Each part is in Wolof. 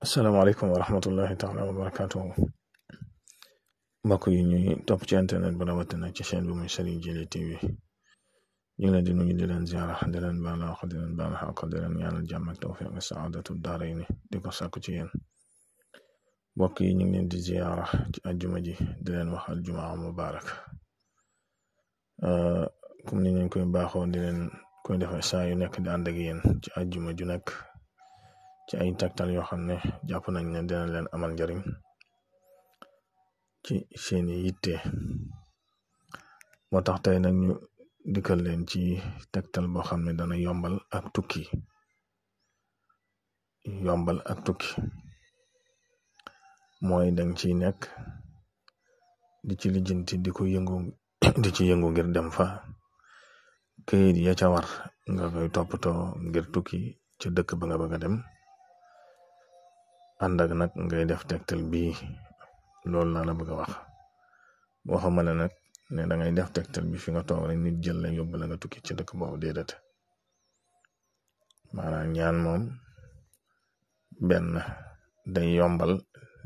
asalaamaaleykum wa rahmatullahi taala wa barakaatuhu mbokk yi ñuy topp ci internet ba rawatina ci chaîne bi muy Serigne Djily TV ñu ngi leen di nuyu di leen ziara di leen baal àq di leen baal àq di leen ñaanal jàmm ak tawfiq saadatu daarayni di ko sàkku ci yéen mbokk yi ñu ngi leen di ziara ci àjjuma ji di leen wax àjjuma mubarak comme ni ñu koy baaxoo di leen koy defee saa yu nekk di ànd ak yéen ci àjjuma ju nekk ci ay tegtal yoo xam ne jàpp nañ ne dina leen amal njariñ ci seeni yitte moo tax tey nag ñu dikkal leen ci tektal boo xam ne dana yombal ak tukki yombal ak tukki mooy dang ci nekk di ci lijjanti di ko yëngu di ci yëngu ngir dem fa këyit ya ca war nga koy toppatoo ngir tukki ci dëkk ba nga bëgg a dem ànd ak nag ngay def tegtal bi loolu laa na bëgg a wax waxuma la nag ne da ngay def tegtal bi fi nga toog rek nit jël la yóbbu la nga tukki ci dëkk boobu déedéet maanaam ñaan moom benn day yombal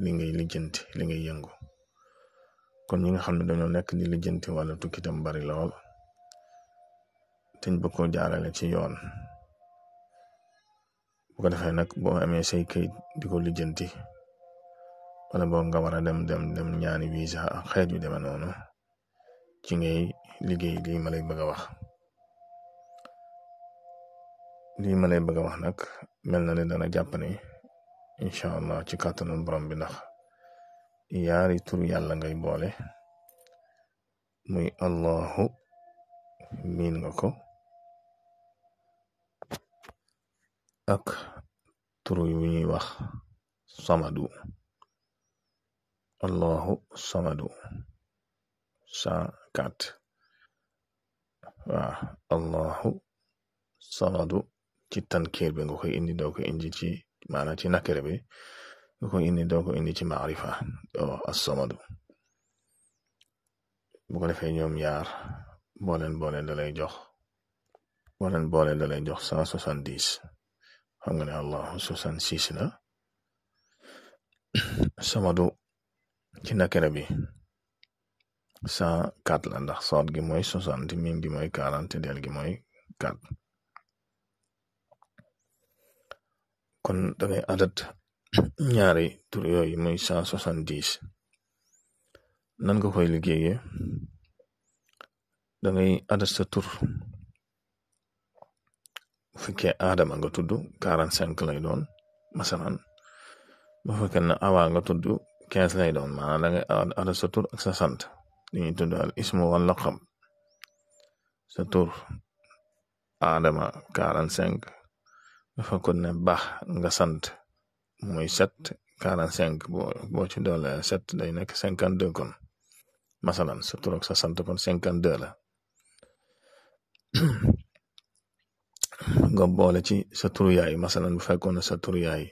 li ngay lijjanti li ngay yëngu kon ñi nga xam ne dañoo nekk di lijjanti wala tukki tam bari lool te ñu bëgg koo jaarale ci yoon. bu ko defee nag boo amee say kayit di ko lijjanti wala boo nga war a dem dem dem ñaani visa ak xeet yu demee noonu ci ngay liggéey lii ma lay bëgg a wax lii ma lay bëgg a wax nag mel na ne dana jàpp ne allah ci kàttanu borom bi ndax yaari tur yàlla ngay boole muy allahu miin nga ak tur wu ñuy wax samadu allahu samadu cent quatre waaw allahu samadu ci tankiir bi nga indi doo ko indi ci maanaam ci nakira bi nga koy indi doo ko indi ci maarifa oo assamadu bu ko defee ñoom ñaar booleen booleen da lay jox booleen booleen da lay jox cent soixante-dix xam nga ne allahu soixante six la samadu ci nakara bi cent quatre la ndax soot gi mooy soixante mim gi moy quarante del gi mooy quatre kon da adat ñaari tur yooyu muy cent soixante dix nan nga koy liggéeyee da ngay adat sa tur bu fekkee Adama nga tudd quarante cinq lay doon masalan bu fekkee ne Awa nga tudd quinze lay doon maanaam ada sa tur ak sa sant li ñuy tudd al ismu wal laqab sa Adama quarante cinq bu fekkoon nga sant mooy sept quarante cinq boo boo ci doole sept day nekk cinquante deux kon masalan sa tur ak sa kon cinquante deux la nga boole ci sa turu yaay masalan bu fekkoon ne sa turu yaay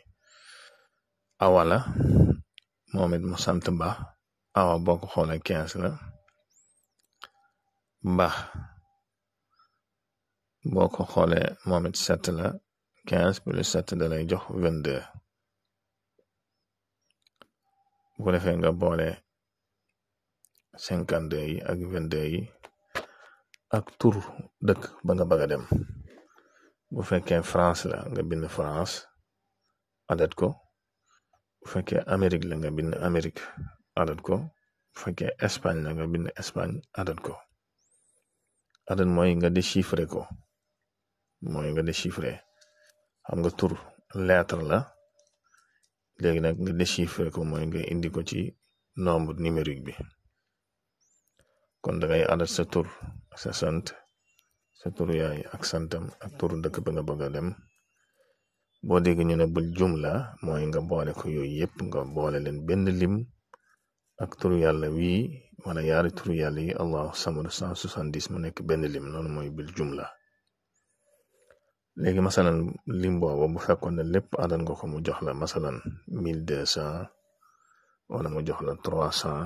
awa mu sant ba awa boo ko xoolee quinze la ba boo ko xoolee moom it sept la quinze plus sept da lay jox vingt deux bu ko defee nga boole cinquante deux yi ak vingt deux yi ak tur dëkk ba nga bëgg a dem. bu fekkee France la nga bind France adat ko bu fekkee Amérique la nga bind Amérique adat ko bu fekkee Espagne la nga bind Espagne adat ko adat mooy nga déchiffrer ko mooy nga déchiffrer xam nga tur lettre la léegi nag nga déchiffrer ko mooy nga indi ko ci nombre numérique bi kon da ngay sa tur sa sant sa turu yaay ak santam ak turu dëkk a dem boo dégg ñu ne bul jumla mooy nga boole ko yooyu yëpp nga boole leen benn lim ak turu yàlla wii wala yaari turu yàlla yi allahu samad cent soixante dix mu nekk benn lim noonu mooy bul jumla léegi masalan lim boobu bu fekkoon ne lépp àddan nga ko mu jox la masalan mille deux cent wala mu jox la trois cent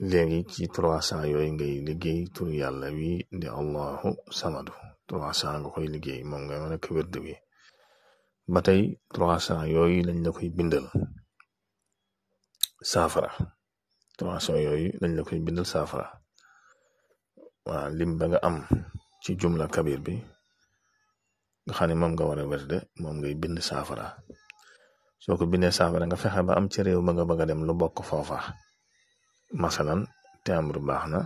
léegi ci trois cent yooyu ngay liggéey tur yàlla wi di allahu samadu trois nga koy liggéey moom ngay mën a ko wérd bi ba tey trois cent yooyu lañ la koy bindal saafara trois cent yooyu lañ la koy bindal saafara waaw lim ba nga am ci jumla kabir bi nga xam ne moom nga war a wérde moom ngay bind saafara soo ko bindee saafara nga fexe ba am ci réew ma nga bëgg dem lu bokk foofa masalan timbre baax na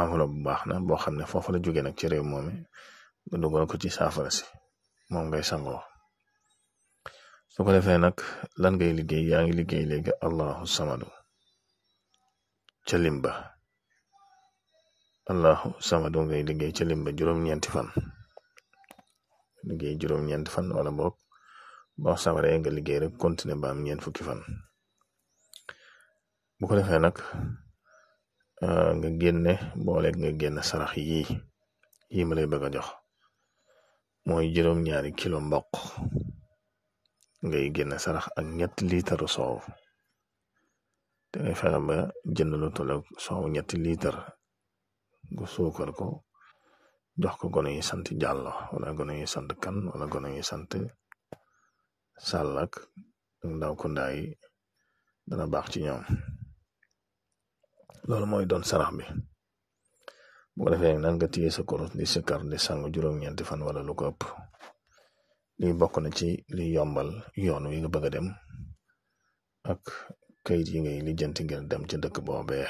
enveloppe bu baax na boo xam ne foofu la jógee nag ci réew moom nga dugal ko ci saafara si moom ngay sangoo so ko defee nag lan ngay liggéey yaa ngi liggéey léegi allahu samadu ca limba allahu samadu ngay liggéey ca limba juróom-ñeenti fan liggéey juróom-ñeenti fan wala boog boo sabaree nga liggéey rek continuer ba am ñeent fukki fan bu ko defee nag euh, nga génne booleeg nga génn sarax yii yii ma lay bëgg a jox mooy juróom-ñaari kilo mboq ngay génn sarax ak ñett litre soow te ngay fexe ba jënd lu toll soow ñetti litre gu suukar ko jox ko gone yi sant Jàllo wala gone yi sant Kan wala gone yi sant Sàllak ak ndaw ko ndaay dana baax ci ñoom. loolu mooy doon sarax bi bu ko defee nan nga téye sa koros di sikar juróom-ñeenti fan wala lu ko ëpp lii bokk na ci li yombal yoon wi nga bëgg a dem ak kayit yi ngay lijjanti ngir dem ci dëkk boobee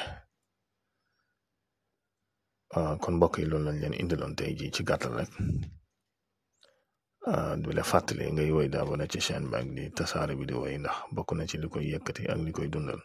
ah, kon mbokk yi loolu lañ leen indiloon tey jii ci gàttal rek ah, du la fàttali ngay woy daa abonné ci chaîne bi ak di tasaare bi di woy ndax bokk na ci li koy yëkkati ak li koy dundal